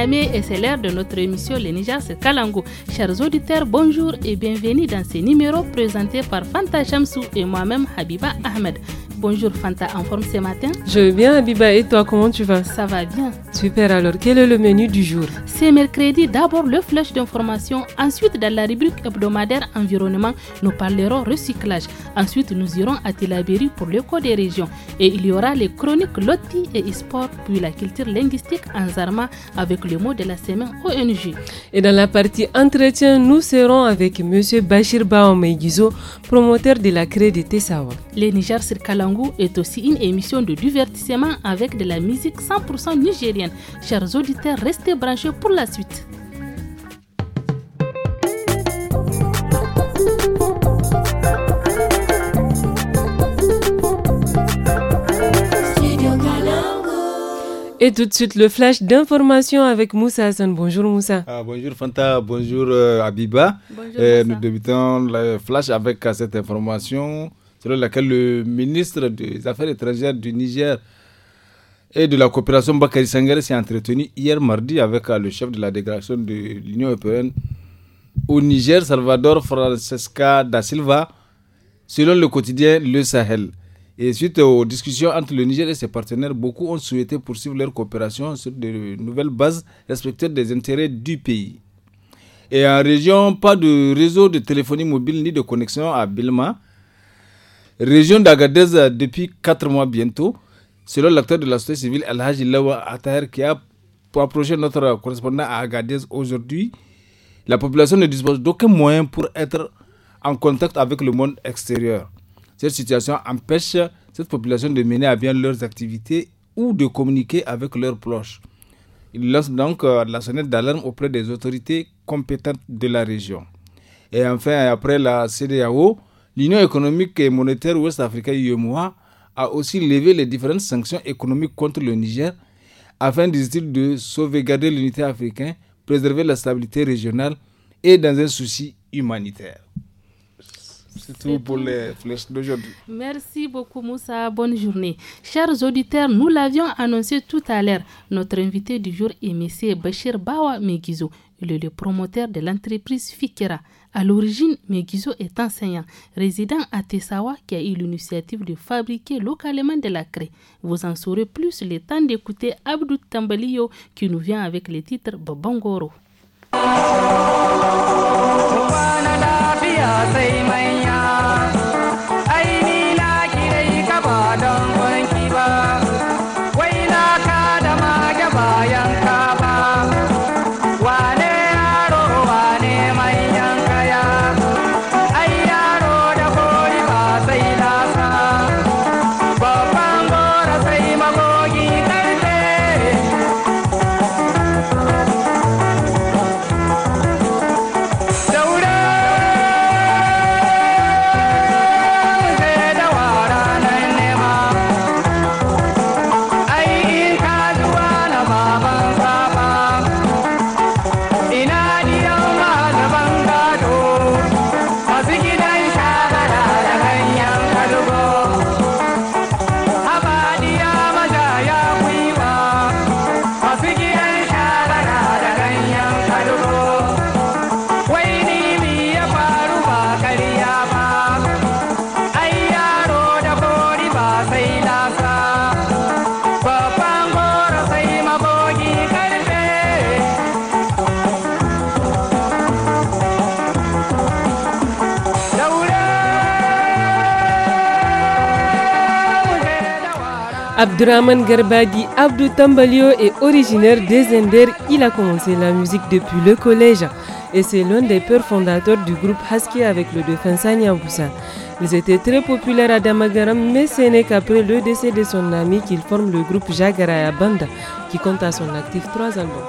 et c'est l'heure de notre émission Le Niger se Kalango. Chers auditeurs, bonjour et bienvenue dans ce numéro présenté par Fanta Chamsou et moi-même Habiba Ahmed. Bonjour Fanta, en forme ce matin Je vais bien Abiba et toi comment tu vas Ça va bien. Super alors, quel est le menu du jour C'est mercredi, d'abord le flash d'information, ensuite dans la rubrique hebdomadaire environnement, nous parlerons recyclage, ensuite nous irons à Tilaberi pour code des régions et il y aura les chroniques Loti et e-sport puis la culture linguistique en Zarma avec le mot de la semaine ONG. Et dans la partie entretien, nous serons avec M. Bachir Baomé promoteur de la crédité Tessawa. Les Niger est aussi une émission de divertissement avec de la musique 100% nigérienne. Chers auditeurs, restez branchés pour la suite. Et tout de suite, le flash d'information avec Moussa Hassan. Bonjour Moussa. Ah, bonjour Fanta, bonjour euh, Abiba. Euh, nous débutons le flash avec cette information selon laquelle le ministre des Affaires étrangères du Niger et de la coopération Bakary s'est entretenu hier mardi avec euh, le chef de la délégation de l'Union européenne au Niger, Salvador Francesca da Silva, selon le quotidien Le Sahel. Et suite aux discussions entre le Niger et ses partenaires, beaucoup ont souhaité poursuivre leur coopération sur de nouvelles bases respectant des intérêts du pays. Et en région, pas de réseau de téléphonie mobile ni de connexion à Bilma. Région d'Agadez, depuis 4 mois bientôt, selon l'acteur de la société civile Al-Haji Lawa Ataher qui a approché notre correspondant à Agadez aujourd'hui, la population ne dispose d'aucun moyen pour être en contact avec le monde extérieur. Cette situation empêche cette population de mener à bien leurs activités ou de communiquer avec leurs proches. Il lance donc euh, la sonnette d'alarme auprès des autorités compétentes de la région. Et enfin, après la CDAO, l'Union économique et monétaire ouest-africaine, UEMOA, a aussi levé les différentes sanctions économiques contre le Niger afin, d'essayer de sauvegarder l'unité africaine, préserver la stabilité régionale et dans un souci humanitaire. C'est tout pour les flèches d'aujourd'hui. Merci beaucoup Moussa, bonne journée. Chers auditeurs, nous l'avions annoncé tout à l'heure. Notre invité du jour est M. Bachir Bawa Megizo, le, le promoteur de l'entreprise Fikera. À l'origine, Megizo est enseignant, résident à Tessawa, qui a eu l'initiative de fabriquer localement de la craie. Vous en saurez plus le temps d'écouter Abdou Tambalio, qui nous vient avec le titre Babangoro. Draman Garbadi Abdou Tambalio est originaire des Indes. Il a commencé la musique depuis le collège et c'est l'un des pères fondateurs du groupe Haski avec le de Sanya Boussa. Ils étaient très populaires à Damagaram, mais ce n'est qu'après le décès de son ami qu'il forme le groupe Jagaraya Band, qui compte à son actif trois albums.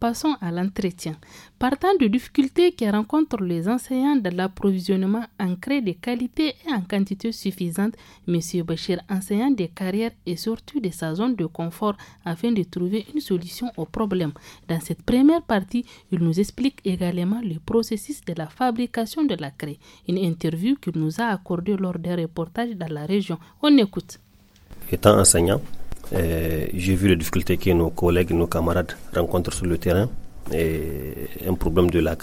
passons à l'entretien. Partant de difficultés qui rencontrent les enseignants dans l'approvisionnement en craie de qualité et en quantité suffisante, M. Bachir, enseignant des carrières et surtout de sa zone de confort afin de trouver une solution au problème. Dans cette première partie, il nous explique également le processus de la fabrication de la craie, une interview qu'il nous a accordée lors d'un reportage dans la région. On écoute. Étant enseignant, euh, j'ai vu les difficultés que nos collègues, nos camarades rencontrent sur le terrain. Et un problème de la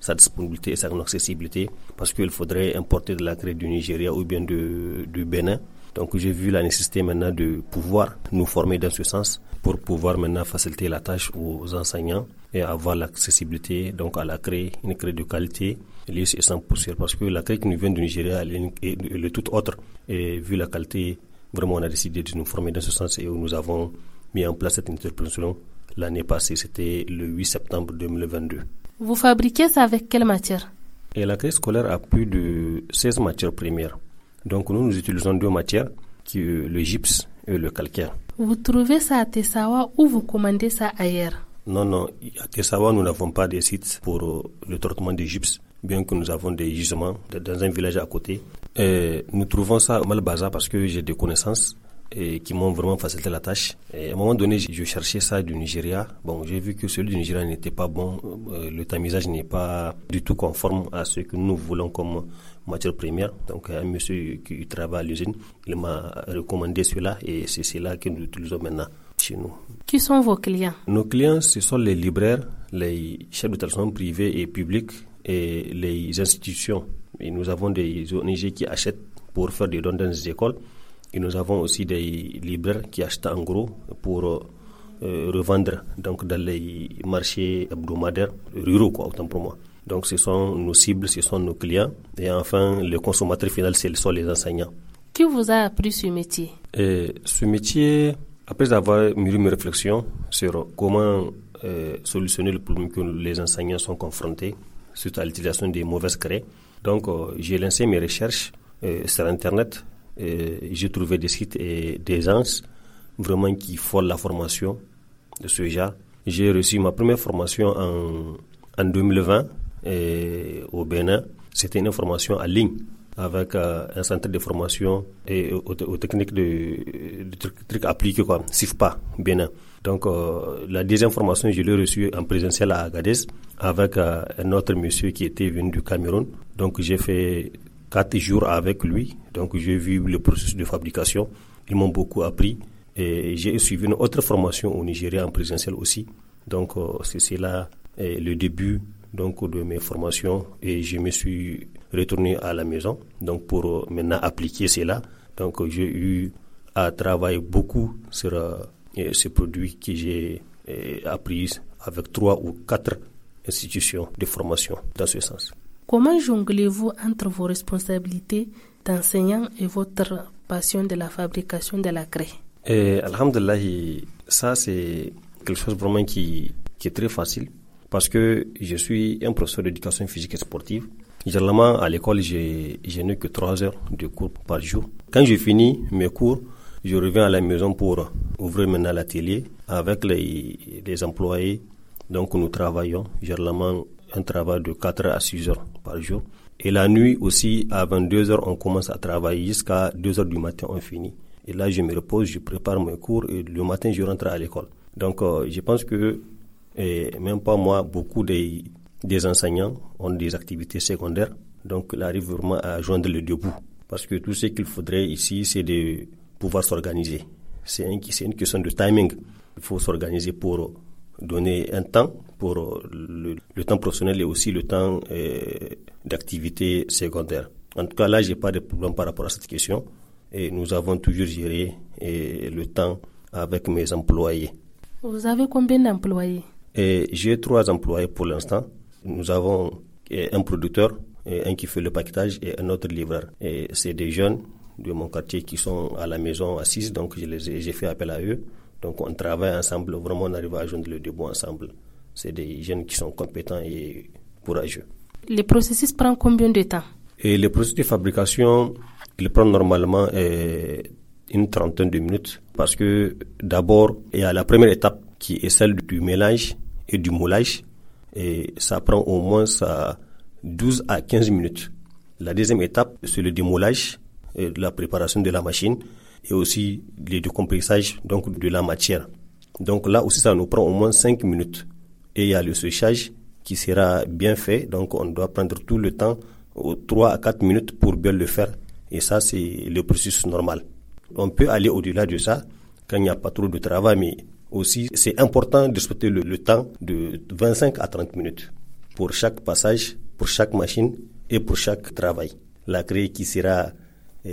sa disponibilité et sa accessibilité parce qu'il faudrait importer de la crée du Nigeria ou bien du Bénin. Donc j'ai vu la nécessité maintenant de pouvoir nous former dans ce sens pour pouvoir maintenant faciliter la tâche aux enseignants et avoir l'accessibilité donc à la crée, une crée de qualité, lisse et sans poussière parce que la crée qui nous vient du Nigeria est, elle est toute autre et vu la qualité Vraiment, on a décidé de nous former dans ce sens et où nous avons mis en place cette interprétation l'année passée. C'était le 8 septembre 2022. Vous fabriquez ça avec quelle matière Et la crise scolaire a plus de 16 matières premières. Donc nous, nous utilisons deux matières, qui le gypse et le calcaire. Vous trouvez ça à Tessawa ou vous commandez ça ailleurs Non, non. À Tessawa, nous n'avons pas de sites pour euh, le traitement du gypse, bien que nous avons des gisements dans un village à côté nous trouvons ça mal bazar parce que j'ai des connaissances et qui m'ont vraiment facilité la tâche. Et à un moment donné, je cherchais ça du Nigeria. Bon, j'ai vu que celui du Nigeria n'était pas bon. Euh, le tamisage n'est pas du tout conforme à ce que nous voulons comme matière première. Donc, un monsieur qui travaille à l'usine, il m'a recommandé cela et c'est cela que nous utilisons maintenant chez nous. Qui sont vos clients Nos clients, ce sont les libraires, les chefs d'établissement privés et publics et les institutions et nous avons des ONG qui achètent pour faire des dons dans les écoles. Et nous avons aussi des libraires qui achètent en gros pour euh, euh, revendre donc dans les marchés hebdomadaires ruraux, quoi, autant pour moi. Donc ce sont nos cibles, ce sont nos clients. Et enfin, le consommateur final, ce sont les enseignants. Qui vous a appris ce métier euh, Ce métier, après avoir mûri mes réflexions sur comment solutionner le problème que les enseignants sont confrontés suite à l'utilisation des mauvaises craies, donc, euh, j'ai lancé mes recherches euh, sur Internet. Euh, j'ai trouvé des sites et des ans vraiment qui font la formation de ce genre. J'ai reçu ma première formation en, 2020 au Bénin. C'était une formation en ligne avec un centre de formation et aux, techniques de, de trucs, trucs, appliqués, SIFPA, Bénin. Donc euh, la la formation, je l'ai reçue en présentiel à Agadez avec euh, un autre monsieur qui était venu du Cameroun. Donc j'ai fait quatre jours avec lui. Donc j'ai vu le processus de fabrication. Ils m'ont beaucoup appris. Et j'ai suivi une autre formation au Nigeria en présentiel aussi. Donc euh, c'est là le début donc de mes formations et je me suis retourné à la maison donc pour maintenant appliquer cela. Donc j'ai eu à travailler beaucoup sur ces produit que j'ai eh, appris avec trois ou quatre institutions de formation dans ce sens. Comment jonglez-vous entre vos responsabilités d'enseignant et votre passion de la fabrication de la craie eh, Alhamdulillah, ça c'est quelque chose vraiment qui, qui est très facile parce que je suis un professeur d'éducation physique et sportive. Généralement, à l'école, je, je n'ai que trois heures de cours par jour. Quand je finis mes cours, je reviens à la maison pour ouvrir maintenant l'atelier avec les, employés. Donc nous travaillons généralement un travail de 4 à 6 heures par jour. Et la nuit aussi, à 22 heures, on commence à travailler jusqu'à 2 heures du matin, on finit. Et là, je me repose, je prépare mes cours et le matin, je rentre à l'école. Donc euh, je pense que, même pas moi, beaucoup des, des enseignants ont des activités secondaires. Donc ils arrivent vraiment à joindre le debout. Parce que tout ce qu'il faudrait ici, c'est de pouvoir s'organiser. C'est une question de timing. Il faut s'organiser pour donner un temps pour le, temps personnel et aussi le temps euh, d'activité secondaire. En tout cas, là, j'ai pas de problème par rapport à cette question. Et nous avons toujours géré euh, le temps avec mes employés. Vous avez combien d'employés J'ai trois employés pour l'instant. Nous avons euh, un producteur, un qui fait le paquetage et un autre livreur. Et c'est des jeunes de mon quartier qui sont à la maison assises, donc j'ai fait appel à eux. Donc on travaille ensemble, vraiment on arrive à joindre le debout ensemble. C'est des jeunes qui sont compétents et courageux. Les processus prend combien de temps et Le processus de fabrication, il prend normalement euh, une trentaine de minutes parce que d'abord, il y a la première étape qui est celle du mélange et du moulage. Et ça prend au moins ça, 12 à 15 minutes. La deuxième étape, c'est le démoulage la préparation de la machine et aussi le décompressage donc de la matière. Donc là aussi, ça nous prend au moins 5 minutes. Et il y a le séchage qui sera bien fait. Donc on doit prendre tout le temps, 3 à 4 minutes pour bien le faire. Et ça, c'est le processus normal. On peut aller au-delà de ça quand il n'y a pas trop de travail, mais aussi c'est important de respecter le, temps de 25 à 30 minutes pour chaque passage, pour chaque machine et pour chaque travail. La créée qui sera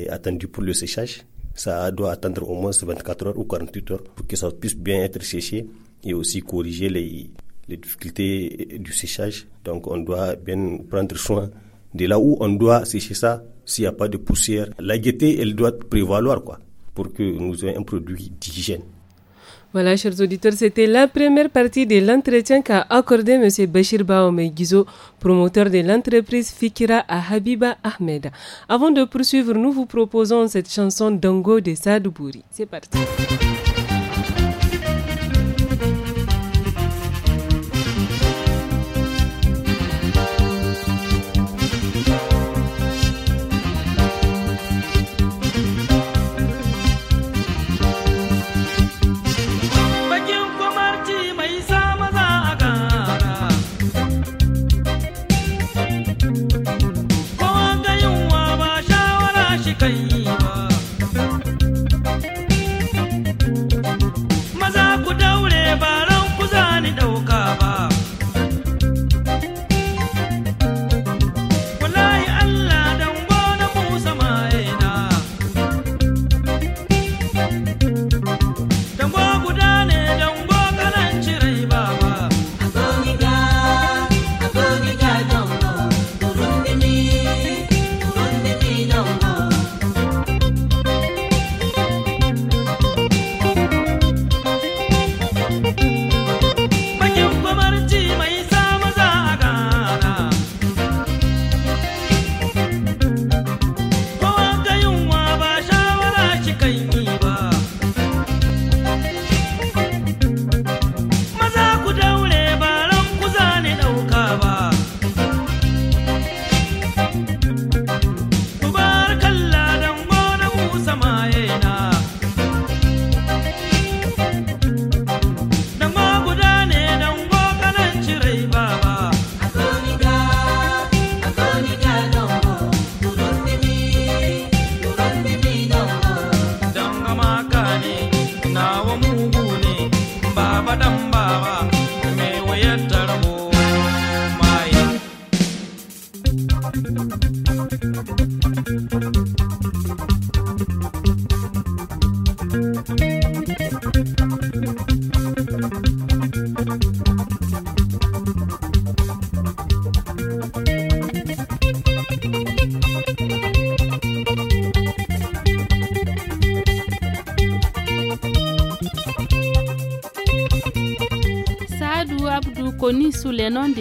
attendu pour le séchage. Ça doit attendre au moins 24 heures ou 48 heures pour que ça puisse bien être séché et aussi corriger les, difficultés du séchage. Donc on doit bien prendre soin de là où on doit sécher ça s'il n'y a pas de poussière. La gaieté, elle doit prévaloir quoi, pour que nous ayons un produit d'hygiène. Voilà, chers auditeurs, c'était la première partie de l'entretien qu'a accordé M. Bachir Baomeguizo, promoteur de l'entreprise Fikira à Habiba Ahmed. Avant de poursuivre, nous vous proposons cette chanson Dongo de Sadou Bouri. C'est parti.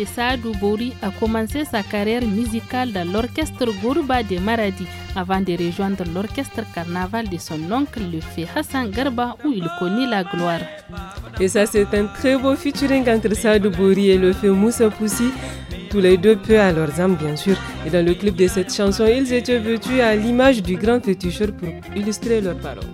Saadou Bori a commencé sa carrière musicale dans l'orchestre Gourba de Maradi avant de rejoindre l'orchestre carnaval de son oncle, le fait Hassan Garba, où il connaît la gloire. Et ça, c'est un très beau featuring entre Saadou Bori et le fait Moussa Poussi tous les deux peu à leurs âmes, bien sûr. Et dans le clip de cette chanson, ils étaient vêtus à l'image du grand féticheur pour illustrer leurs paroles.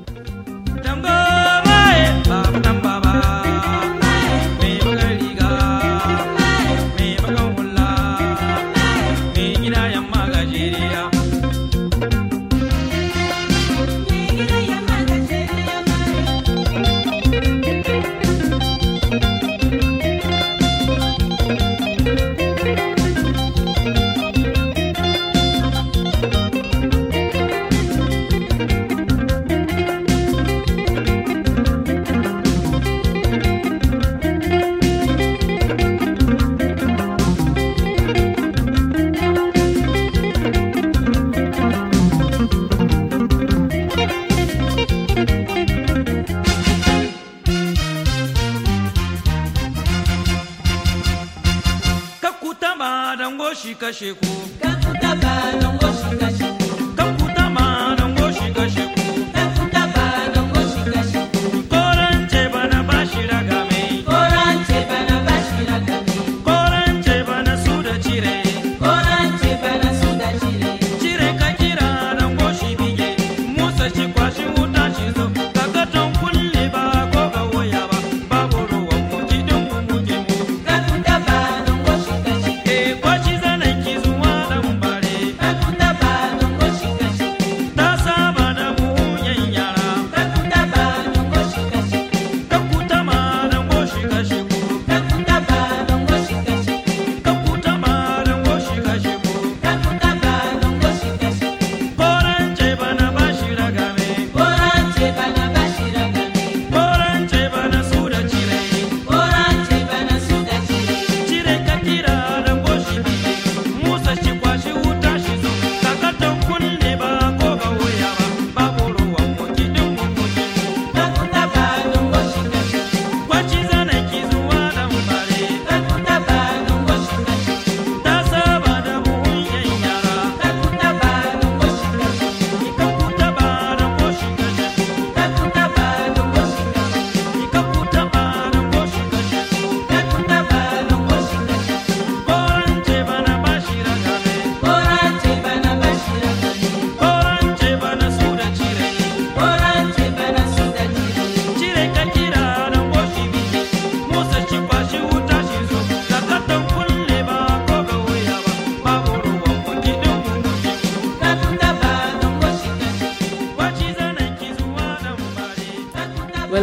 Chico. Canto da barra.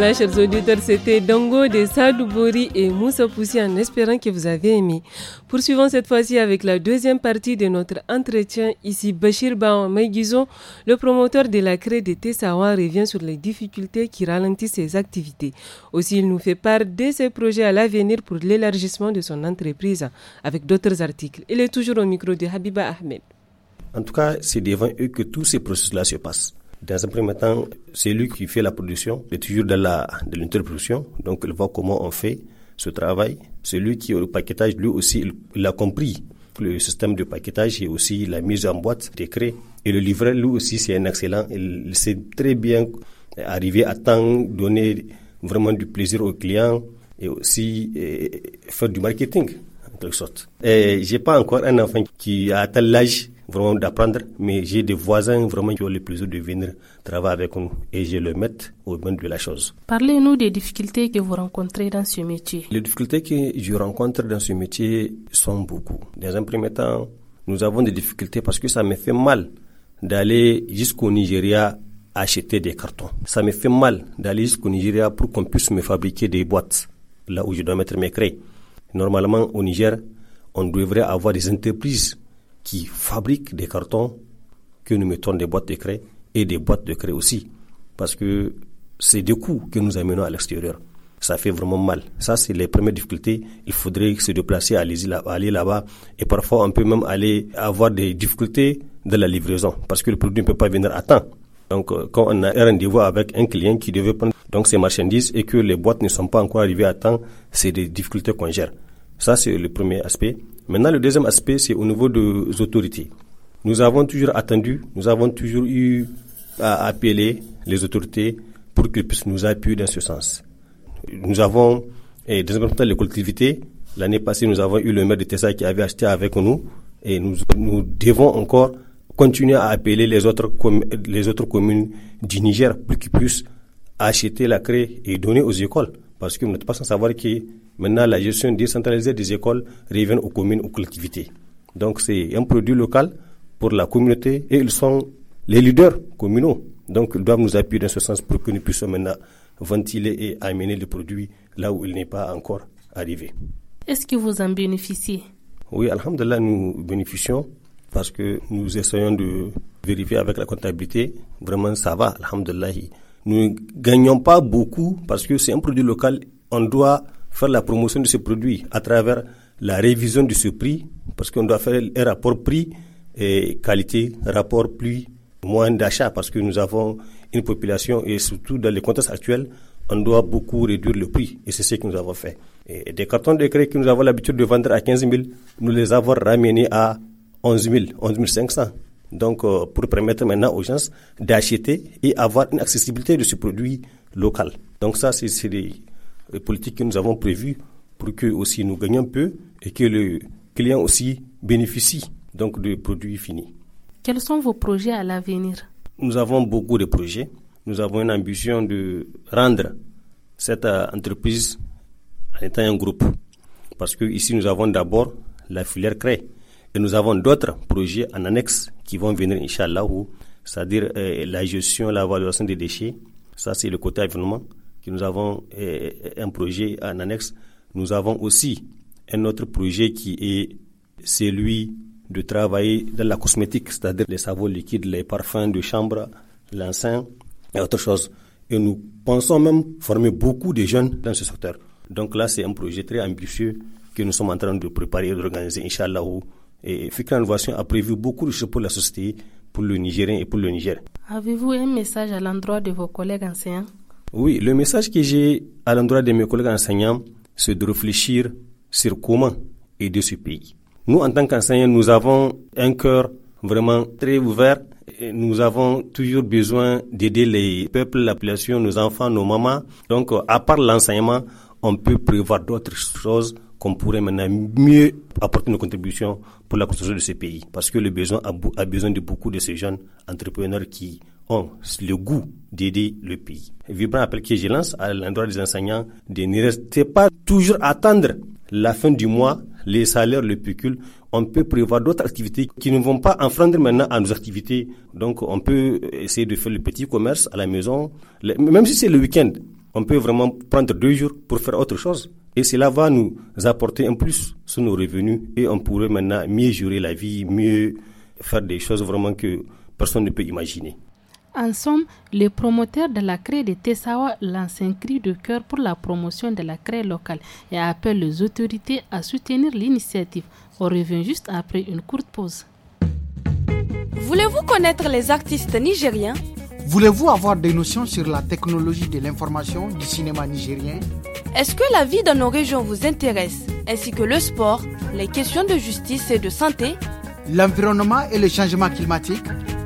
Voilà, chers auditeurs, c'était Dongo de Sadoubori et Moussa Poussi en espérant que vous avez aimé. Poursuivons cette fois-ci avec la deuxième partie de notre entretien. Ici, Bachir Baon le promoteur de la crée de Tessawa, revient sur les difficultés qui ralentissent ses activités. Aussi, il nous fait part de ses projets à l'avenir pour l'élargissement de son entreprise avec d'autres articles. Il est toujours au micro de Habiba Ahmed. En tout cas, c'est devant eux que tous ces processus-là se passent. Dans un premier temps, c'est lui qui fait la production est toujours dans la de l'interproduction, donc il voit comment on fait ce travail. Celui qui est au paquetage, lui aussi, il, a compris le système de paquetage et aussi la mise en boîte des créé. Et le livret, lui aussi, c'est un excellent. Il, sait très bien arriver à temps, donner vraiment du plaisir aux clients et aussi faire du marketing, en quelque sorte. Je n'ai pas encore un enfant qui a atteint l'âge vraiment d'apprendre, mais j'ai des voisins vraiment qui ont le plaisir de venir travailler avec nous et je le mets au bon de la chose. Parlez-nous des difficultés que vous rencontrez dans ce métier. Les difficultés que je rencontre dans ce métier sont beaucoup. Dans un premier temps, nous avons des difficultés parce que ça me fait mal d'aller jusqu'au Nigeria acheter des cartons. Ça me fait mal d'aller jusqu'au Nigeria pour qu'on puisse me fabriquer des boîtes là où je dois mettre mes craies. Normalement, au Niger, on devrait avoir des entreprises qui fabriquent des cartons que nous mettons des boîtes de craie et des boîtes de craie aussi. Parce que c'est des coûts que nous amenons à l'extérieur. Ça fait vraiment mal. Ça, c'est les premières difficultés. Il faudrait se déplacer, aller là-bas. Et parfois, on peut même aller avoir des difficultés de la livraison parce que le produit ne peut pas venir à temps. Donc, euh, quand on a un rendez-vous avec un client qui devait prendre donc ses marchandises et que les boîtes ne sont pas encore arrivées à temps, c'est des difficultés qu'on gère. Ça, c'est le premier aspect. Maintenant, le deuxième aspect, c'est au niveau des autorités. Nous avons toujours attendu, nous avons toujours eu à appeler les autorités pour qu'ils puissent nous appuyer dans ce sens. Nous avons, et deuxième les collectivités. L'année passée, nous avons eu le maire de Tessa qui avait acheté avec nous et nous, devons encore continuer à appeler les autres, les autres communes du Niger pour qu'ils puissent acheter la craie et donner aux écoles. Parce que vous n'êtes pas sans savoir qui. Maintenant, la gestion décentralisée des écoles revient aux communes, aux collectivités. Donc, c'est un produit local pour la communauté et ils sont les leaders communaux. Donc, ils doivent nous appuyer dans ce sens pour que nous puissions maintenant ventiler et amener le produit là où il n'est pas encore arrivé. Est-ce que vous en bénéficiez Oui, Alhamdulillah, nous bénéficions parce que nous essayons de vérifier avec la comptabilité. Vraiment, ça va, Alhamdulillah. Nous ne gagnons pas beaucoup parce que c'est un produit local. On doit faire la promotion de ce produit à travers la révision de ce prix, parce qu'on doit faire un rapport prix et qualité, rapport plus moins d'achat, parce que nous avons une population et surtout dans le contexte actuel, on doit beaucoup réduire le prix et c'est ce que nous avons fait. Et des cartons de crédit que nous avons l'habitude de vendre à 15 000, nous les avons ramenés à 11 000, 11 500. Donc, euh, pour permettre maintenant aux gens d'acheter et avoir une accessibilité de ce produit local. Donc, ça, c'est les politiques que nous avons prévues pour que aussi nous gagnions un peu et que le client aussi bénéficie donc produits finis. Quels sont vos projets à l'avenir Nous avons beaucoup de projets. Nous avons une ambition de rendre cette euh, entreprise en étant un groupe. Parce que ici, nous avons d'abord la filière créée. et nous avons d'autres projets en annexe qui vont venir, Inch'Allah, c'est-à-dire euh, la gestion, la valorisation des déchets. Ça, c'est le côté environnement nous avons eh, eh, un projet en annexe. Nous avons aussi un autre projet qui est celui de travailler dans la cosmétique, c'est-à-dire les savons liquides, les parfums de chambre, l'encens et autre chose. Et nous pensons même former beaucoup de jeunes dans ce secteur. Donc là, c'est un projet très ambitieux que nous sommes en train de préparer et d'organiser, Inch'Allah. Et eh, Fikran Innovation a prévu beaucoup de choses pour la société, pour le Nigérien et pour le Niger. Avez-vous un message à l'endroit de vos collègues anciens oui, le message que j'ai à l'endroit de mes collègues enseignants, c'est de réfléchir sur comment aider ce pays. Nous, en tant qu'enseignants, nous avons un cœur vraiment très ouvert. nous avons toujours besoin d'aider les peuples, la population, nos enfants, nos mamans. Donc, à part l'enseignement, on peut prévoir d'autres choses qu'on pourrait maintenant mieux apporter nos contributions pour la construction de ce pays. Parce que le besoin a, a besoin de beaucoup de ces jeunes entrepreneurs qui ont le goût d'aider le pays. Vibrant appel que je lance à l'endroit des enseignants de ne rester pas toujours attendre la fin du mois, les salaires, le pécule. On peut prévoir d'autres activités qui ne vont pas enfreindre maintenant à nos activités. Donc, on peut essayer de faire le petit commerce à la maison, même si c'est le week-end. On peut vraiment prendre deux jours pour faire autre chose. Et cela va nous apporter un plus sur nos revenus et on pourrait maintenant mieux gérer la vie, mieux faire des choses vraiment que personne ne peut imaginer. En somme, les promoteurs de la craie de Tessawa lancent un cri de cœur pour la promotion de la craie locale et appellent les autorités à soutenir l'initiative. On revient juste après une courte pause. Voulez-vous connaître les artistes nigériens Voulez-vous avoir des notions sur la technologie de l'information du cinéma nigérien Est-ce que la vie dans nos régions vous intéresse, ainsi que le sport, les questions de justice et de santé L'environnement et le changement climatique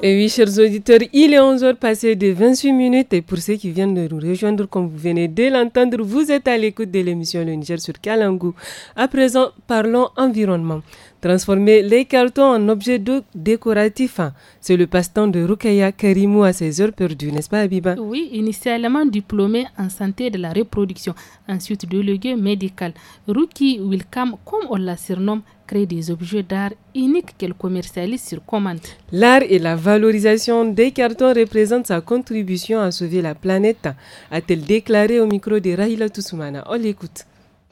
Et oui, chers auditeurs, il est 11h passé de 28 minutes et pour ceux qui viennent de nous rejoindre, comme vous venez de l'entendre, vous êtes à l'écoute de l'émission Le Niger sur Kalangou. À présent, parlons environnement. Transformer les cartons en objets décoratifs, c'est le passe-temps de Rukaya Karimou à ses heures perdues, n'est-ce pas Abiba Oui, initialement diplômée en santé de la reproduction, ensuite déléguée médicale. Ruki Wilkam, comme on la surnomme, crée des objets d'art uniques qu'elle commercialise sur commande. L'art et la valorisation des cartons représentent sa contribution à sauver la planète, a-t-elle déclaré au micro de Rahila Toussoumana. On l'écoute.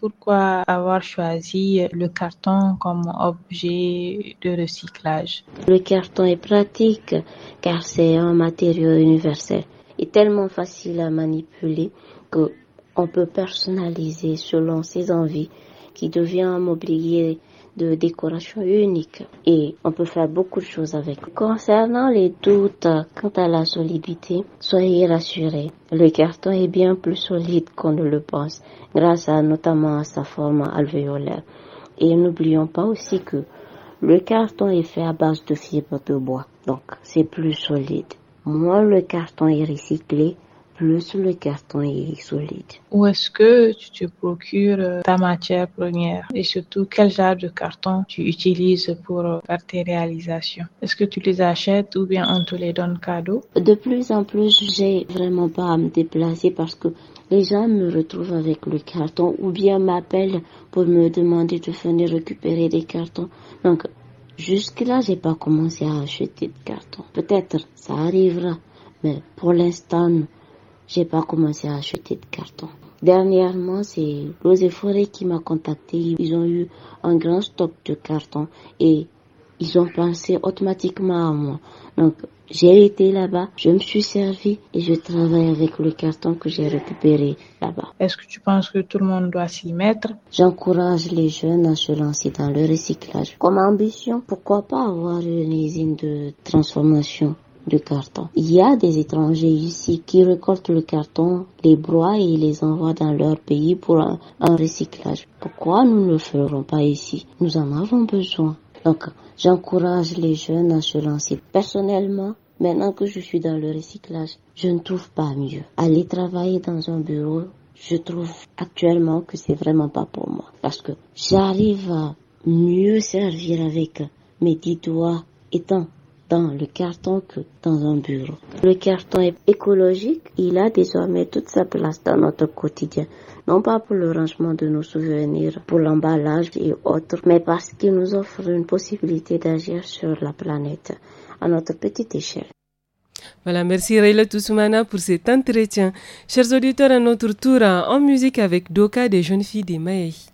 Pourquoi avoir choisi le carton comme objet de recyclage Le carton est pratique car c'est un matériau universel et tellement facile à manipuler qu'on on peut personnaliser selon ses envies qui devient un mobilier de décoration unique et on peut faire beaucoup de choses avec. Concernant les doutes quant à la solidité, soyez rassurés. Le carton est bien plus solide qu'on ne le pense grâce à notamment à sa forme alvéolaire. Et n'oublions pas aussi que le carton est fait à base de fibres de bois, donc c'est plus solide. Moi le carton est recyclé, plus sur le carton est solide. Où est-ce que tu te procures euh, ta matière première et surtout quel genre de carton tu utilises pour euh, faire tes réalisations Est-ce que tu les achètes ou bien on te les donne cadeau De plus en plus, j'ai vraiment pas à me déplacer parce que les gens me retrouvent avec le carton ou bien m'appellent pour me demander de venir récupérer des cartons. Donc, jusque-là, j'ai pas commencé à acheter de carton. Peut-être ça arrivera, mais pour l'instant, j'ai pas commencé à acheter de carton. Dernièrement, c'est Rose Forêt qui m'a contacté. Ils ont eu un grand stock de carton et ils ont pensé automatiquement à moi. Donc, j'ai été là-bas, je me suis servi et je travaille avec le carton que j'ai récupéré là-bas. Est-ce que tu penses que tout le monde doit s'y mettre J'encourage les jeunes à se lancer dans le recyclage. Comme ambition, pourquoi pas avoir une usine de transformation carton. Il y a des étrangers ici qui récoltent le carton, les broient et les envoient dans leur pays pour un, recyclage. Pourquoi nous ne le ferons pas ici Nous en avons besoin. Donc, j'encourage les jeunes à se lancer. Personnellement, maintenant que je suis dans le recyclage, je ne trouve pas mieux. Aller travailler dans un bureau, je trouve actuellement que c'est vraiment pas pour moi. Parce que j'arrive à mieux servir avec mes dix doigts étant dans le carton que dans un bureau. Le carton est écologique, il a désormais toute sa place dans notre quotidien. Non pas pour le rangement de nos souvenirs, pour l'emballage et autres, mais parce qu'il nous offre une possibilité d'agir sur la planète à notre petite échelle. Voilà, merci Rayla Toussoumana pour cet entretien. Chers auditeurs, à notre tour en musique avec Doka des jeunes filles des Maïs.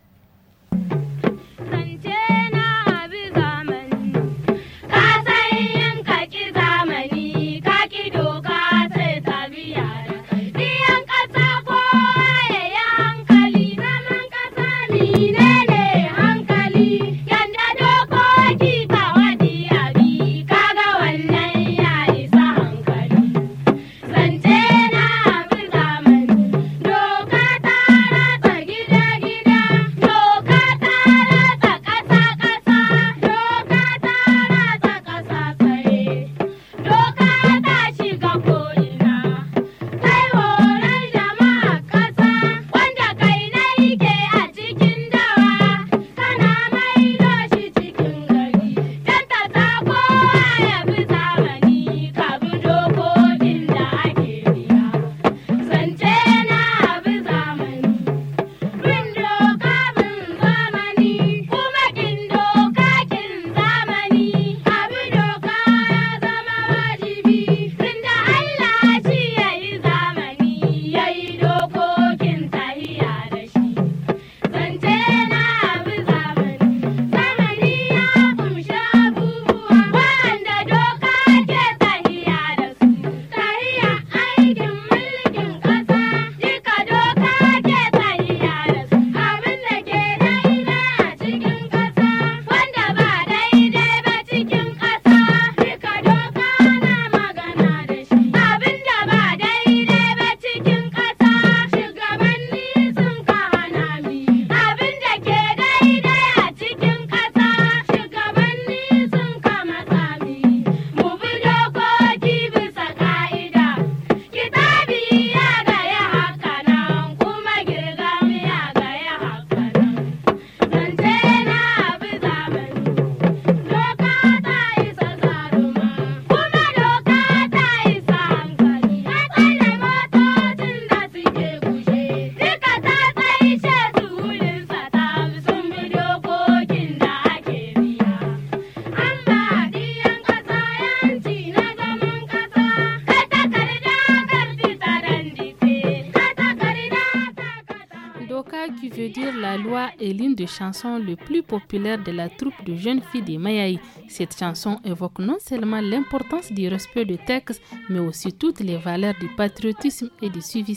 chanson le plus populaire de la troupe de jeunes filles des Mayaï. Cette chanson évoque non seulement l'importance du respect du texte, mais aussi toutes les valeurs du patriotisme et du suivi.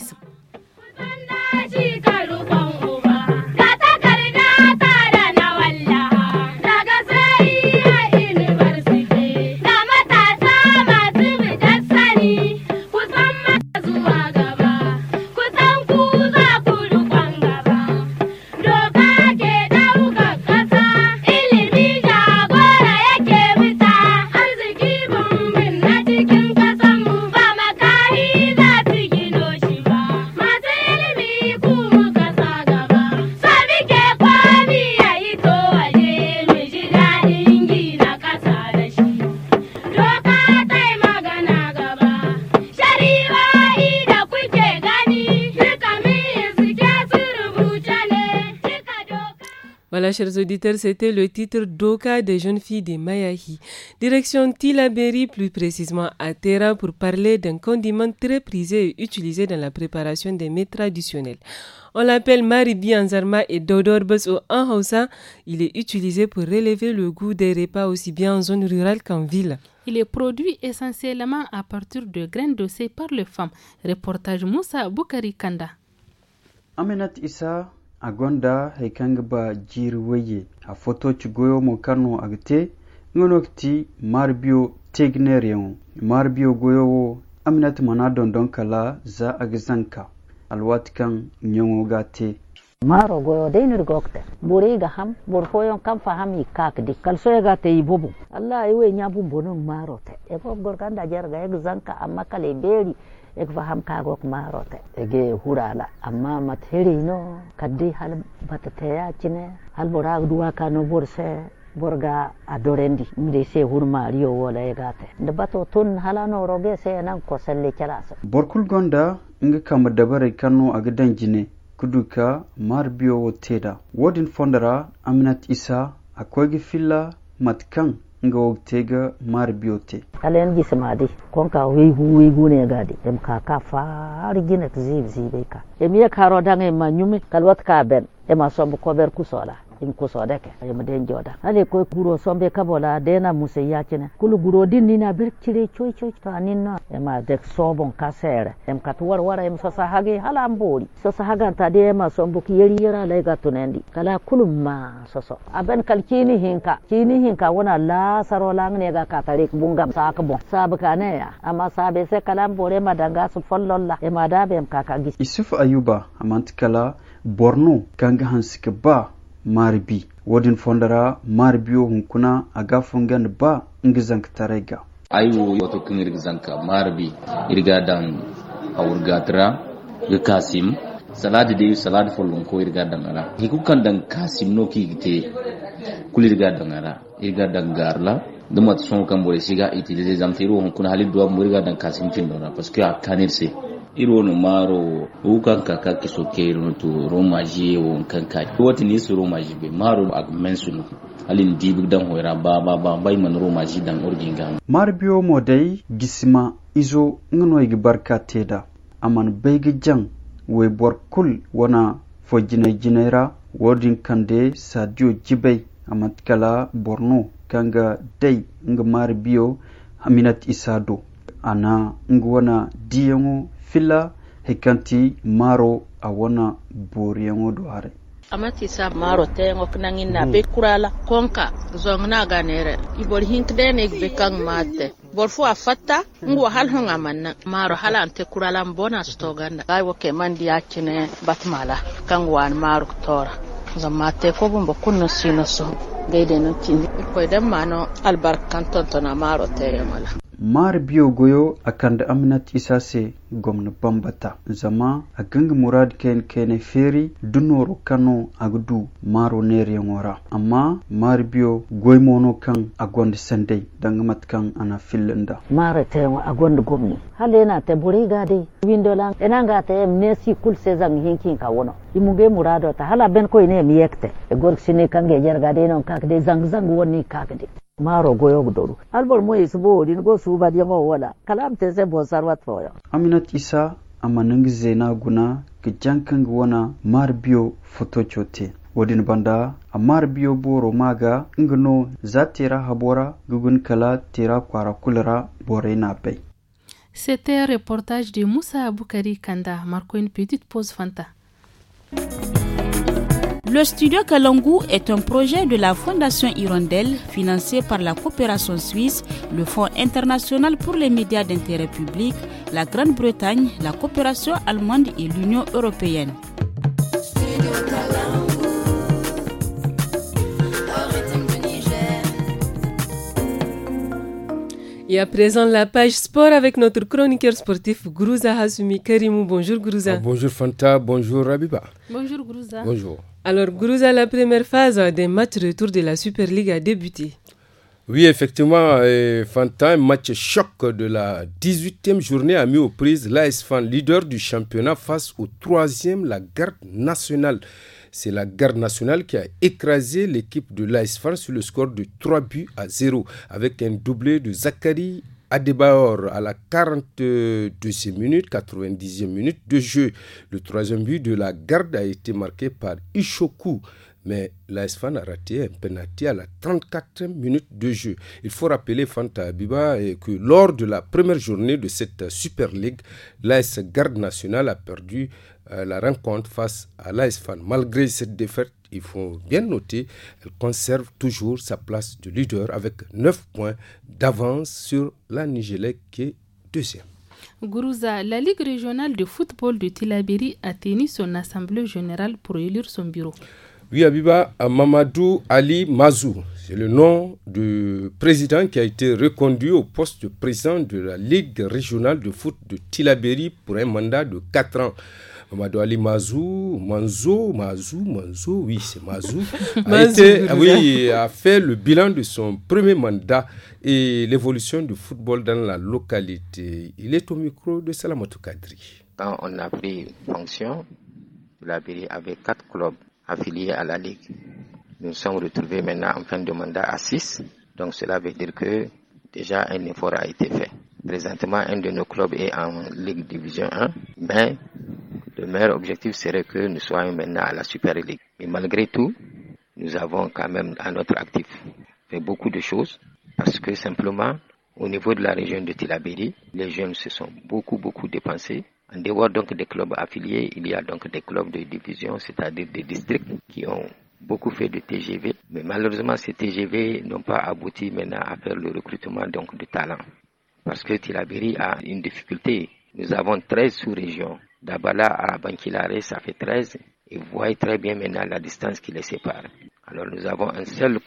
chers auditeurs, c'était le titre d'Oka des jeunes filles des Mayahi. Direction Tilaberi, plus précisément à Terra, pour parler d'un condiment très prisé et utilisé dans la préparation des mets traditionnels. On l'appelle Maribi Anzarma et Dodorbus au Anhausa. Il est utilisé pour relever le goût des repas aussi bien en zone rurale qu'en ville. Il est produit essentiellement à partir de graines de par les femmes. Reportage Moussa Bukari Kanda. Amenat Issa, agonda hikangba jiri weye a foto chigoyo mo kano agte ngono kiti marbio tegnerion marbio goyo wo aminat mana dondon kala za agzanka alwat kan nyongo gate maro goyo de nir gokte buri ga ham bur foyon kam faham ikak di kalso ga te ibubu allah iwe nyabu bonung maro te e bob gorkanda jarga egzanka amma kale beri ek faham kaagok maarote ege hurala amma mat herino kaddi hal batateyacine hal boraag duwakano borse borga adorendi mire se hurma riyo wola egate nde bato tun halano roge se nan ko selle calasa borkul gonda inga kama dabare kanno aga danjine kuduka mar biyo wo teda wodin fondara aminat isa akoygi filla mat kan nga wogtega mar biote alen gi samadi kon ka wegu wegu ne gadi em ka ka far ginek zib zibe ka em ye karo dange ma nyume kalwat ka ben ema sombu kober kusola in kusoode ke yoma den jooda hade koye guro sombe kabola dena muse yacine kulu guro din nina ber cire coy coy to aninno ema dek sobon kasere em kat wara wara em sosa hage hala mboori sosa haganta de ema sombo ki yeri yera lay gattunendi kala kulum ma soso aben kal kini hinka kini hinka wona la saro langnega ka tarik bungam saka bon sabe kaneya amma sabe se kala mboore ma danga su follolla ema dabe em kaka gis isufu ayuba amantikala borno kanga ba marbi wodin fondara marbio a aga fongan ba ngizank tarega aiwo wato kin irgizanka marbi irga dan awurgatra ga kasim saladi de saladi follon ko irga dangara hikukan dan kasim no ki gite kulirga dangara irga dan dangarla dama tsohon kan bore siga itilize zamtiru hunkuna halid duwa irga dan kasim fin dora parce que a se. iro no maro ukan kaka kiso no to romaji won kanka woti ni su romaji be maro agmensuno alin dibu dan hoira ba ba ba bai man romaji dan orginga marbio modai gisma izo ngano igi barka teda aman baigi jang we bor kul wana fo jina jinaira wodin kande sadio jibay amat borno kanga dai nga marbio aminat isado ana ngwana diyango fila hikanti maro a wona boriyaŋo do hare amati sa maro tengo knangin na be kurala konka zong na ganere ibol hink dene be kang mate bor fu afatta ngu hal honga manna maro halante kurala mbona stoganda ay wo ke mandi akine batmala kang wan maro tora zamate ko bumbo kunno sino so gaide no tindi ko dem mano albarkanton tona maro teyamala biyo goyo a akanda aminat isase gomna bambata zama agang murad ken kene feri dunoro kano agdu maro nere ngora amma marbio goy mono kan agond sendey dangmat kan ana fillanda mara te agond gomni halena te buri gadi windolan enanga te nesi kul sezam hinkin ka wono imunge murado ta hala ben ko ine miyekte e gork sine kange jergade non kakde zang zang woni kakde maro goyog doru albor moyes borin go subaɗiyago wala kalam tese bonsar wat foyo aminat isa amanangi zena guna ga jankangi wona mar biyo fotoco te wadin banda a mar biyo boro maga ingino za tera habora gugun kala tera kwara kulera bore na bay C'était un reportage de Moussa Aboukari Kanda, marquant une petite pause Fanta. Le studio Kalangu est un projet de la Fondation Hirondelle financé par la coopération suisse, le Fonds international pour les médias d'intérêt public, la Grande-Bretagne, la coopération allemande et l'Union européenne. Et à présent, la page sport avec notre chroniqueur sportif Grouza Hasumi Karimou. Bonjour Grouza. Ah, bonjour Fanta, bonjour Rabiba. Bonjour Grouza. Bonjour. Alors, Guruza, la première phase des matchs retour de la Super League a débuté. Oui, effectivement, Fantin, match choc de la 18e journée a mis aux prises l'AS Fan, leader du championnat, face au 3e, la garde nationale. C'est la garde nationale qui a écrasé l'équipe de l'AS sur le score de 3 buts à 0, avec un doublé de Zachary Adebaor à la 42e minute, 90e minute de jeu. Le troisième but de la garde a été marqué par Ishoku. Mais l'ASFAN a raté un penalty à la 34e minute de jeu. Il faut rappeler, Fanta Abiba, eh, que lors de la première journée de cette Super League, l'AS Garde Nationale a perdu euh, la rencontre face à l'ASFAN. Malgré cette défaite, il faut bien noter, elle conserve toujours sa place de leader avec 9 points d'avance sur la Nigélec qui est deuxième. Gourouza, la Ligue régionale de football de Tilaberi a tenu son assemblée générale pour élire son bureau. Oui, Abiba, Mamadou Ali Mazou, c'est le nom du président qui a été reconduit au poste de président de la Ligue régionale de foot de Tilaberi pour un mandat de 4 ans. Mamadou Ali Mazou, Manzo, Mazou, Manzo, oui, c'est Mazou, a, oui, a fait le bilan de son premier mandat et l'évolution du football dans la localité. Il est au micro de Salamatou Kadri. Quand on a pris fonction, la y avait quatre clubs affiliés à la Ligue. Nous sommes retrouvés maintenant en fin de mandat à six. Donc cela veut dire que déjà un effort a été fait. Présentement, un de nos clubs est en Ligue Division 1, mais le meilleur objectif serait que nous soyons maintenant à la Super Ligue. Mais malgré tout, nous avons quand même à notre actif fait beaucoup de choses parce que simplement, au niveau de la région de Tilabéry, les jeunes se sont beaucoup, beaucoup dépensés. En dehors donc des clubs affiliés, il y a donc des clubs de division, c'est-à-dire des districts qui ont beaucoup fait de TGV, mais malheureusement ces TGV n'ont pas abouti maintenant à faire le recrutement donc de talents parce que Tilabiri a une difficulté. Nous avons 13 sous-régions. D'Abala à Bankilare, ça fait 13. Et vous voyez très bien maintenant la distance qui les sépare. Alors nous avons un seul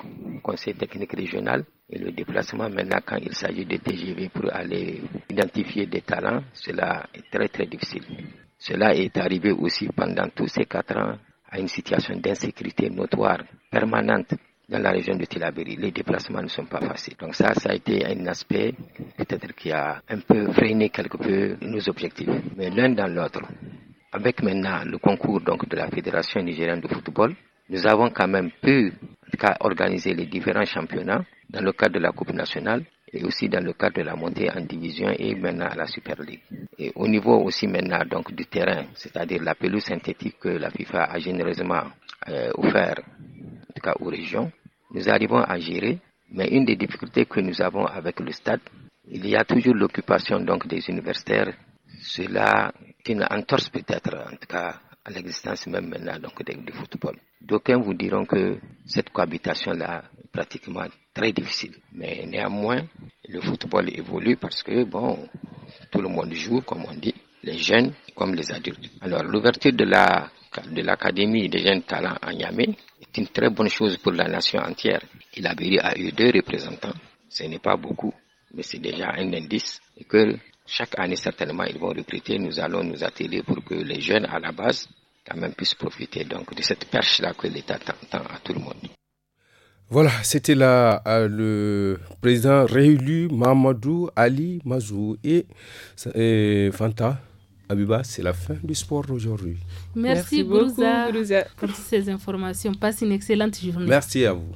conseil technique régional et le déplacement maintenant quand il s'agit de TGV pour aller identifier des talents, cela est très très difficile. Cela est arrivé aussi pendant tous ces quatre ans à une situation d'insécurité notoire, permanente dans la région de Tilaberi, les déplacements ne sont pas faciles. Donc ça, ça a été un aspect peut-être qui a un peu freiné quelque peu nos objectifs. Mais l'un dans l'autre, avec maintenant le concours donc de la Fédération nigérienne de football, nous avons quand même pu organiser les différents championnats dans le cadre de la Coupe nationale et aussi dans le cadre de la montée en division et maintenant à la Super League. Et au niveau aussi maintenant donc du terrain, c'est-à-dire la pelouse synthétique que la FIFA a généreusement euh, offert en tout cas aux régions, nous arrivons à gérer. Mais une des difficultés que nous avons avec le stade, il y a toujours l'occupation donc des universitaires. Cela qui nous entorse peut-être, en tout cas, à l'existence même maintenant donc du football. D'aucuns vous diront que cette cohabitation-là est pratiquement très difficile. Mais néanmoins, le football évolue parce que, bon, tout le monde joue, comme on dit, les jeunes comme les adultes. Alors, l'ouverture de la de l'Académie des jeunes talents à Niamey, une très bonne chose pour la nation entière. Il a a eu deux représentants. Ce n'est pas beaucoup, mais c'est déjà un indice que chaque année, certainement, ils vont recruter. Nous allons nous atteler pour que les jeunes à la base, quand même, puissent profiter donc de cette perche-là que l'État tend à tout le monde. Voilà, c'était là euh, le président réélu Mamadou Ali Mazou et Fanta. Abiba, c'est la fin du sport aujourd'hui. Merci, beaucoup, pour ces informations. Passe une excellente journée. Merci à vous.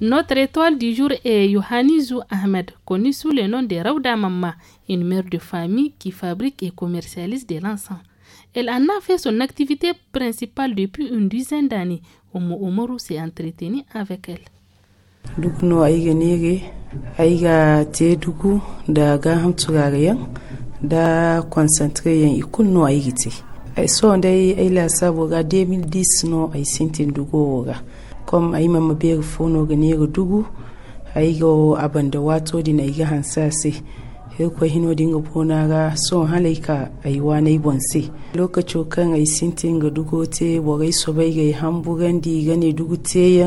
Notre étoile du jour est Yohanizou Ahmed, connu sous le nom de Rauda Mama, une mère de famille qui fabrique et commercialise des l'encens. Elle en a fait son activité principale depuis une dizaine d'années. Omo s'est entretenu avec elle. da concentré yin ikul no yi gite so da yi aila sabo ga 2010 no yi sintin dugo ga kom a yi mamma biyar fono ga ne dugu ay abin abanda wato din na ga hansa se he hino dinga pona ga so halaika yi wanai se. lokacin kan yi sintin ga dugo te Warai so bai ga hamburan di gane dugu te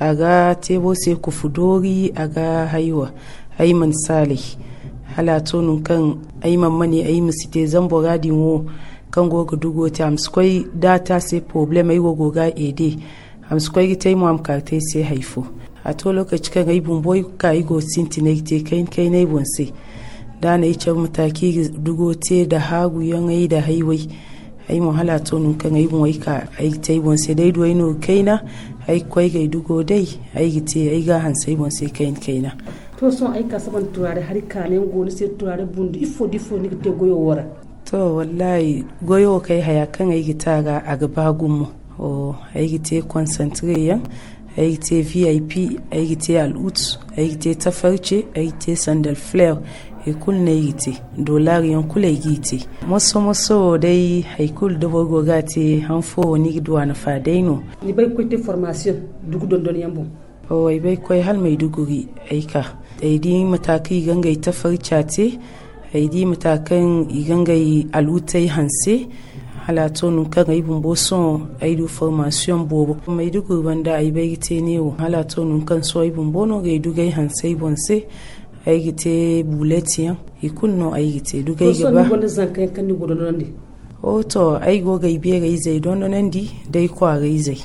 a ga tebo se ku fudori aga haiwa ayman salih hala nun kan mani mammani ay misite zambo gadi wo kan goga dugo ta amskoi data sai problem ay wogo ga ede amskoi gita mu am kartai sai haifo a to lokaci kan ay bumboy ka ay go sintine te kai kai yi bonse da na yi can mataki dugo te da hagu yan ayi da haiwai ai mu hala nun kan yi wai ka ai tai bon sai dai duwai no kaina ai kwai gai dugo dai ai gite ai ga han sai bon kai kai kaina to son ai ka saman turare har kanen goni sai turare bundu ifo difo ni te goyo wora to wallahi goyo kai haya kan ai gitaga a gaba gumu o ai gite concentrate yan ai gite VIP ai gite al'ut ai gite tafarce ai gite sandal flare haikul na yiti dolari yon kula giti maso maso dai haikul da bogo gati hanfo ni gidwa na fadaino ni bai kwete formation duk dondon yambo o bai koy hal may mai ay ka aidi matakai gangai ta farca ce aidi matakan gangai alutai hanse halatonu kaga ibun boson aidu formation bobo mai dugu banda ai bai gite ne wo nun kan so ibun bono ga idu gai hanse se ai gite ikun no ai gite gai gaba so so kan kan ni godo nan di to ai go gai biye gai zai don nan di dai kwa gai zai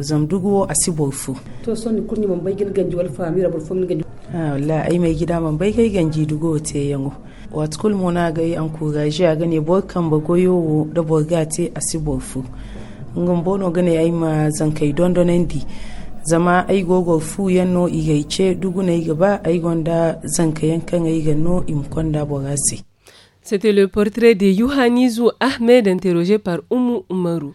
zam dugu a sibo fu to son ni kunni man baigin wal fami rabul famin ganji ah wallahi ai mai gida man bai kai ganji dugo te yango wat kul mona ga yi an kuraji a gane bor kan ba goyo da borga te a sibo fu ngum bono gane ai ma zan kai dondon ndi zama ai gogo fu yanno igaice dugu na i igaba ai gonda zan kayan kan ai ganno im konda borasi C'était le portrait de Yohanizou Ahmed interrogé par Oumu Umaru.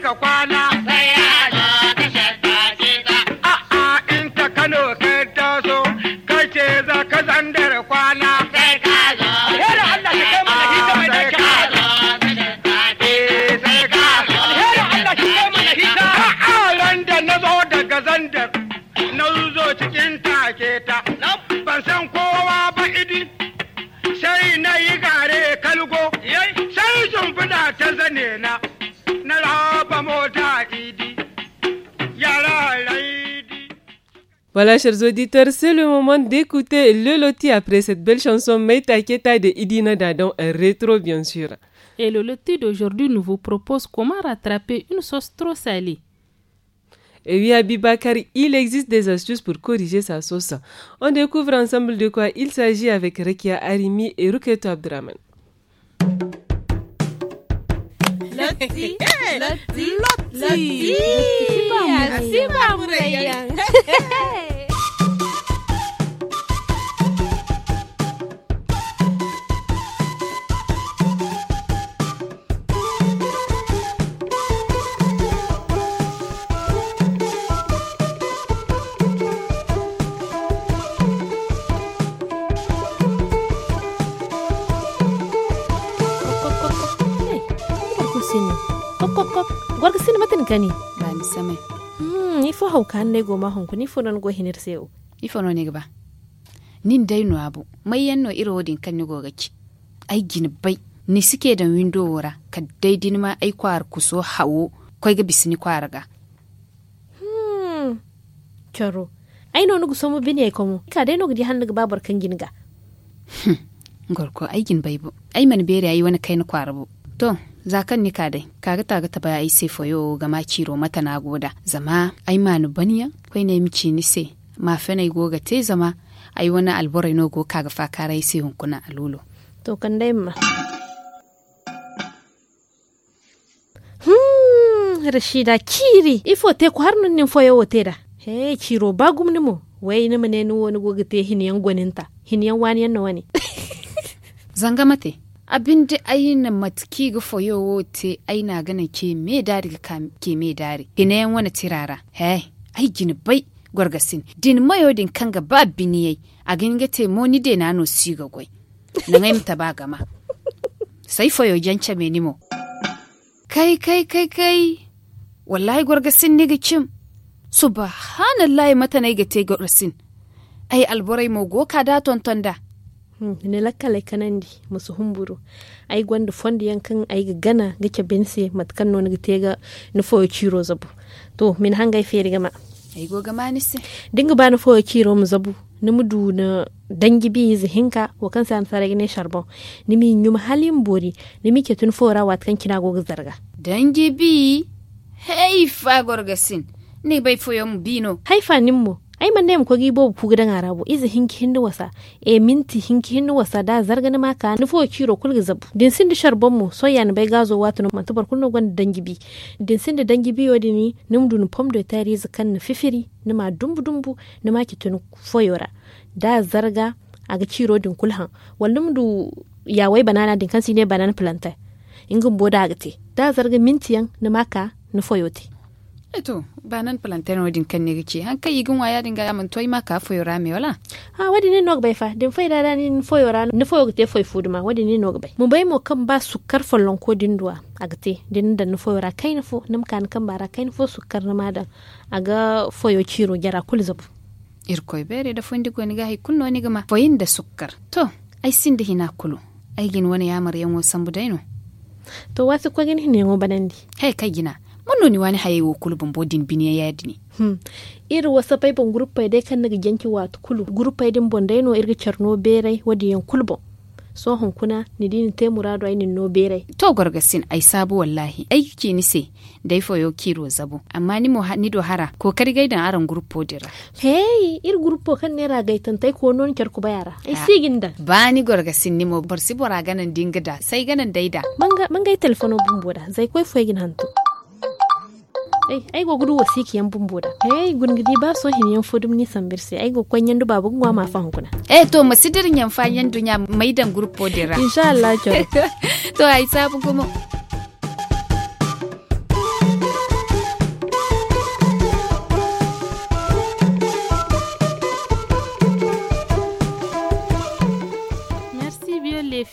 ka kwana. Voilà, chers auditeurs, c'est le moment d'écouter le loti après cette belle chanson Meita Keta de Idina Dadon, rétro bien sûr. Et le loti d'aujourd'hui nous vous propose comment rattraper une sauce trop salée. Et oui, à il existe des astuces pour corriger sa sauce. On découvre ensemble de quoi il s'agit avec Rekia Arimi et Ruketo Abdraman. Lottie, Loti. Loti. Loti. Loti. Loti. kop kop kop gwarga sin matin kani ba mi same hmm ifo hauka ne go goma honku ni fonon go hinir seo ifo no ne ba nin dai no abu mai yanno iro wodin kan ni gogaki ai gini bai ni suke da window wora ka dai din ma ai kwar ku so hawo kai ga bisini kwar ga hmm choro ai no nugu somo bine ko mu ka dai no gidi hannu ga babar kan giniga gorko ai gin bai bu ai man bere ai wani kai na kwar bu to zakan ni kadai ka ga ta baya ise ga ma kiro mata na goda zama ai manu baniya kai ne mici ni se ma fenai goga te zama ai wani alborai no go kaga fakara ise hunkuna alulo to kan dai ma hmm, rashida kiri ifo te ku har nun nin wa te da he kiro ba gumni mu, wai ni ne ni wani goga te hiniyan gwaninta hiniyan wani yan zanga mate abin da aina matki ga foyowo te aina gana ke me dari ke me dari yan wani tirara he ai gini bai gwargasin din mayo din kan ga ba biniyai a gini ga te mo ni de na no si ga gwai na ngai mta ba gama sai foyo jancha me nimo kai kai kai kai wallahi gwargasin ne ga kim subhanallahi mata nai ga te gwargasin ai alborai mo ka da tonton da Hmm, ne lakkale kanandi musu humburu ai gwanda fondi yankan ai ga gana gake bense matkan no ga tega no foyo chiro zabu to min hangai feri gama ai go gama ni se dinga ba no foyo chiro mu zabu ni mudu na dangi bi zihinka wa kan san sare ne sharbon ni mi nyum halin bori ni mi ke tun fora wat kan kina go zarga dangi bi hey fa gorgasin ni bai foyo mu bino haifa nimmo ai man nem ko gi bo ku gidan arabu izi hinki hindu wasa e minti hinki hindu wasa da zargani maka nufo kiro kulga zabu din sindi sharbon mu soya ne bai gazo watu man tubar kulno gwan dangibi din sindi dangibi yodi ni numdu nu pomdo tari zakan na fifiri nima dumbu dumbu nima kitun foyora da zarga aga kiro din kulhan wallum du wai banana din kansi ne banana plantain ingin boda agate da zarga mintiyan ni maka ni foyote eto nan plantain wadin kan ne gici han kai igin waya dinga ya toy ma ka foyo rame wala ha ah, wadi ne nok bai fa din foyo da ni foyo ran ni foyo te foyo ma wadi ne nok bai mu bai mo kan ba sukar fallon ko din duwa agte din da ni foyo ra kai ni fo nim kan kan bara kai ni fo sukar na madan aga foyo ciro jara ir irkoy bere da fondi ko ni ga hay kunno ni ma foyin da sukkar to ai sin da hina kulu ai gin wani yamar yan wasan budaino to wasu kwagin hinengo banandi hey kai gina wannan ne wani haye wa kulu bambo din bini ya yadi ne. Hmm. ir wasa bai bon dai kan naga janki wata kulu grupa din bon dai no irga charno berai wadi yan kulbo so hon kuna ni din te murado ai nin no berai to gorgasin ai sabu wallahi aiki ni se dai foyo kiro zabo amma ni mo ni do hara ko kari gaidan aran grupo dira hey ir grupo kan ne ragai tantai ko non kyar ku bayara ai da. ba ni gorgasin ni mo barsi bora ganan dingida sai ganan daida manga manga telefono bumboda zai koi foyin hantu ai ai go gudu wasi kiyan bumbuda ai gun gidi ba so hin yan fodum ni sambirse ai go kwen yandu babu gwa ma fa kuna eh to masidir yan fa yandu nya maidan grupo dira insha Allah to ai sabu kuma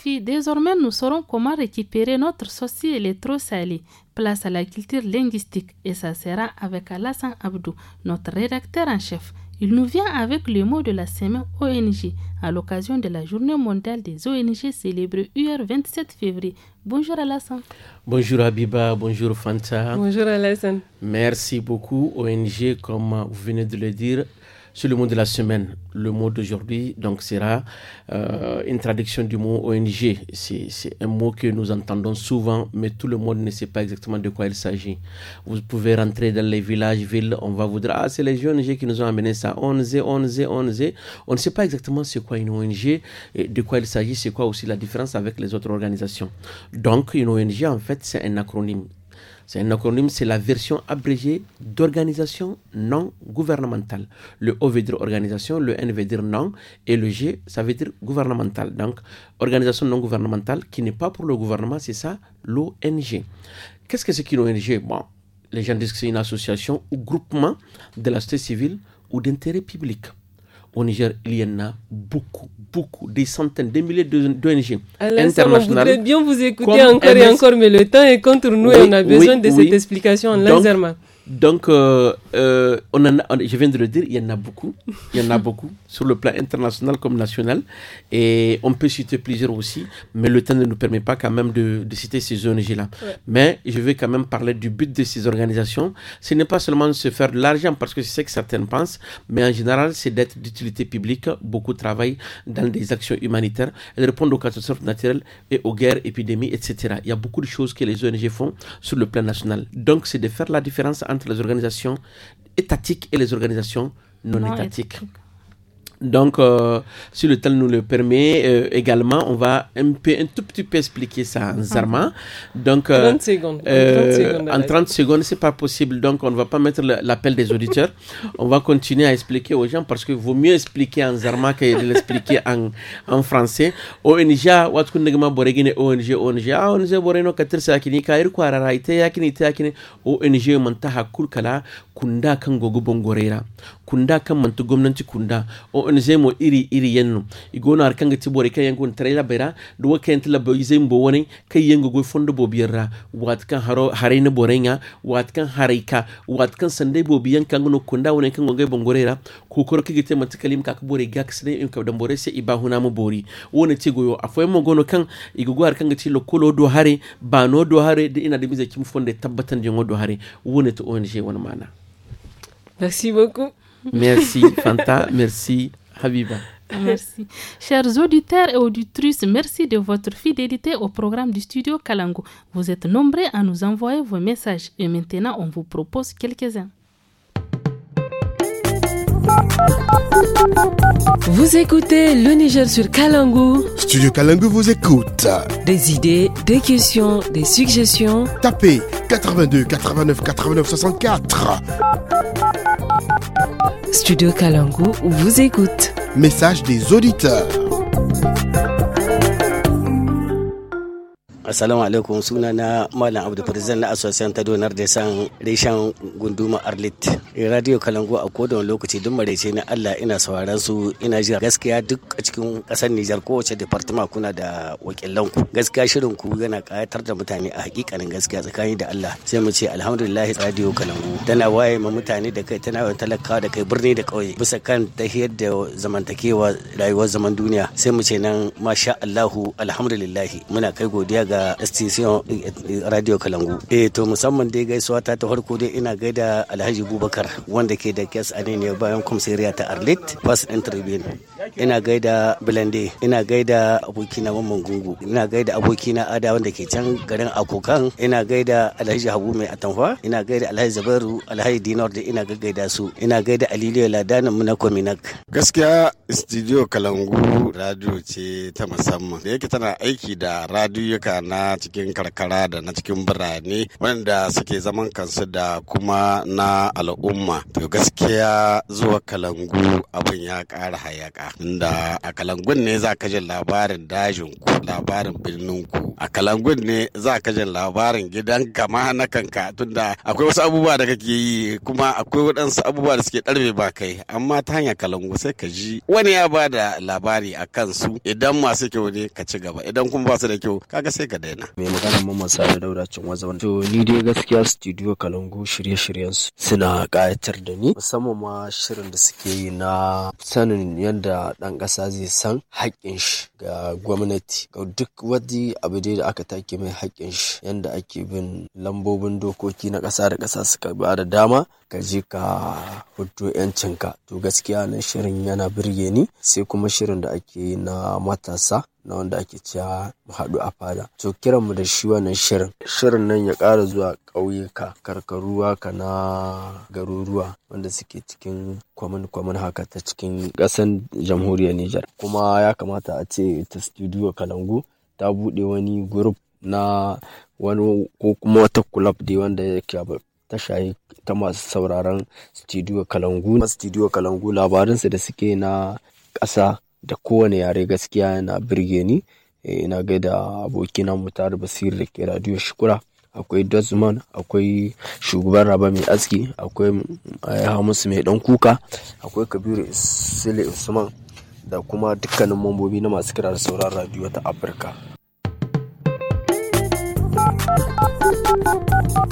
les désormais nous saurons comment récupérer notre saucisse électro-salé. Place à la culture linguistique et ça sera avec Alassane Abdou, notre rédacteur en chef. Il nous vient avec le mot de la semaine ONG à l'occasion de la journée mondiale des ONG célébrée UR 27 février. Bonjour Alassane. Bonjour Abiba, bonjour Fanta. Bonjour Alassane. Merci beaucoup ONG, comme vous venez de le dire, c'est le mot de la semaine. Le mot d'aujourd'hui donc sera euh, une traduction du mot ONG. C'est un mot que nous entendons souvent, mais tout le monde ne sait pas exactement de quoi il s'agit. Vous pouvez rentrer dans les villages, villes, on va vous dire ah c'est les ONG qui nous ont amené ça. ONG, ONG, ONG. On ne sait pas exactement c'est quoi une ONG, et de quoi il s'agit, c'est quoi aussi la différence avec les autres organisations. Donc une ONG en fait c'est un acronyme c'est un acronyme, c'est la version abrégée d'organisation non gouvernementale. Le O veut dire organisation, le N veut dire non, et le G, ça veut dire gouvernemental. Donc, organisation non gouvernementale qui n'est pas pour le gouvernement, c'est ça, l'ONG. Qu'est-ce que c'est qu'une ONG Bon, les gens disent que c'est une association ou groupement de la société civile ou d'intérêt public au Niger, il y en a beaucoup, beaucoup, des centaines, des milliers d'ONG ah, internationales. Vous bien vous écouter encore et encore, mais le temps est contre nous et on a besoin de cette explication en Donc, donc, euh, euh, on je viens de le dire, il y en a beaucoup. Il y en a beaucoup sur le plan international comme national. Et on peut citer plusieurs aussi, mais le temps ne nous permet pas quand même de, citer ces ONG-là. Mais je vais quand même parler du but de ces organisations. Ce n'est pas seulement de se faire de l'argent, parce que c'est ce que certaines pensent, mais en général, c'est d'être d'utilité publique. Beaucoup travaillent dans des actions humanitaires, et de répondre aux catastrophes naturelles et aux guerres, épidémies, etc. Il y a beaucoup de choses que les ONG font sur le plan national. Donc, c'est de faire la différence entre les organisations étatiques et les organisations non, étatiques. Donc, euh, si le temps nous le permet, euh, également, on va un, peu, un tout petit peu expliquer ça en ah. Zarma. Donc, euh, 30 euh, secondes. en 30 secondes, c'est pas possible. Donc, on ne va pas mettre l'appel des auditeurs. on va continuer à expliquer aux gens parce que vaut mieux expliquer en Zarma que de l'expliquer en, en français. ONG, ONG, ONG, ONG, ONG, ONG, ONG boreno ONG, ONG, ONG, ONG, ONG, ONG, ONG, yakini ONG, ONG, ONG mantaha ONG, kunda kan ONG, ONG, kunda kan mantu ONG, kunda ONG ONG iri iri yenno igona har kanga tibore kan yango bera do la bo bo go fondo bo birra wat kan haro harina borenga wat kan Watkan wat kan sande bo biyan kan no kunda woni bongorera kige bore gaksne en ka dambore se ibahuna mo bori woni afoy mo gono kan do hare bano do hare de ina de mize kim fonde tabbatan jongo do hare woni ONG mana Merci beaucoup. Merci Fanta, merci Habiba. Merci. Chers auditeurs et auditrices, merci de votre fidélité au programme du studio Kalango. Vous êtes nombreux à nous envoyer vos messages et maintenant on vous propose quelques-uns. Vous écoutez le Niger sur Kalangu. Studio Kalangu vous écoute. Des idées, des questions, des suggestions. Tapez 82 89 89 64. Studio Kalangu vous écoute. Message des auditeurs. Assalamu alaikum suna na Malam Abdul Farizan na Association ta Donar da San Reshen Gunduma Arlit. Eh, Radio Kalango a kodon lokaci duk maraice na Allah ina sauraron su ina jira gaskiya duk a cikin kasar Nijar kowace department kuna da wakilan ku. Gaskiya shirin ku yana kayatar da mutane a hakikanin gaskiya tsakani da Allah. Sai mu ce alhamdulillah Radio Kalango tana waye ma mutane da kai tana talakawa da kai birni da kauye bisa kan tahiyar da zamantakewa rayuwar zaman duniya. Sai mu ce nan masha Allahu alhamdulillah muna kai godiya ga da station eh, radio kalangu eh to musamman dai gaisuwa ta ta farko dai ina gaida alhaji bubakar wanda ke da kes a ne bayan kumsiriya ta arlit first interview ina gaida blende ina gaida abokina mamman gungu ina gaida abokina ada wanda ke can garin akokan ina gaida alhaji habu mai atamfa ina gaida alhaji zabaru alhaji dinar da ina gaggaida su ina gaida aliliyo ladanin mu na kominak gaskiya studio kalangu radio ce ta musamman da yake tana aiki da radiyuka na cikin karkara da na cikin birane wanda suke zaman kansu da kuma na al'umma to gaskiya zuwa kalangu abin ya ƙara hayaka inda a kalangun ne za ka jin labarin dajin ku labarin birnin ku a kalangun ne za ka jin labarin gidan kama na kanka tunda akwai wasu abubuwa da kake yi kuma akwai waɗansu abubuwa da suke ɗarbe ba kai amma ta hanyar kalangu sai ka ji wani ya ba da labari a kansu idan masu kyau ne ka ci gaba idan kuma ba su da kyau kaga sai ka ka daina. Mai magana Mamman Sani daura cin wazaban. To ni dai gaskiya studio Kalangu shirye-shiryen su suna ƙayatar da ni musamman ma shirin da suke yi na sanin yadda ɗan ƙasa zai san haƙƙin shi ga gwamnati ga duk wani abu dai da aka take mai haƙƙin shi yadda ake bin lambobin dokoki na ƙasa da ƙasa suka ba da dama ka je ka hudu yancinka to gaskiya na shirin yana birge ni sai kuma shirin da ake yi na matasa na wanda ake cewa mu haɗu a fada to kiran mu da shi wannan shirin shirin nan ya ƙara zuwa ƙauyuka karkaruwa ka na garuruwa wanda suke cikin kwamin kwamin haka ta cikin ƙasan jamhuriyar Nijar kuma ya kamata a ce ta studio Kalangu ta buɗe wani group na wani ko kuma wata club dai wanda yake tashaye ta masu sauraron studio kalangu studio kalangu labarinsa da suke na ƙasa da kowane yare gaskiya yana birge ni. Eh, ina gaida abokina mutar basir da ke Radiyo Shukura. Akwai Dozman, akwai Shugaban Raba Mai Aski, akwai eh, hamus Mai Ɗan Kuka, akwai Kabiru Sule Usman da kuma dukkanin mambobi na masu kira da sauran radiyo ta Afirka.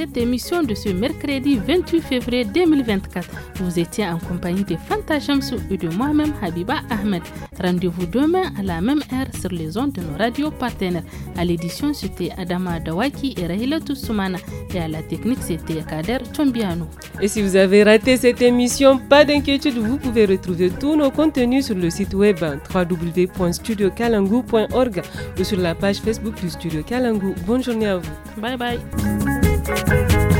cette émission de ce mercredi 28 février 2024. Vous étiez en compagnie de Fanta Chamsou et de moi-même Habiba Ahmed. Rendez-vous demain à la même heure sur les ondes de nos radios partenaires. À l'édition, c'était Adama Dawaki et Rahila Toussoumana. Et à la technique, c'était Kader Tombiano. Et si vous avez raté cette émission, pas d'inquiétude, vous pouvez retrouver tous nos contenus sur le site web www.studiocalangou.org ou sur la page Facebook du Studio Kalangu. Bonne journée à vous. Bye bye. Thank you.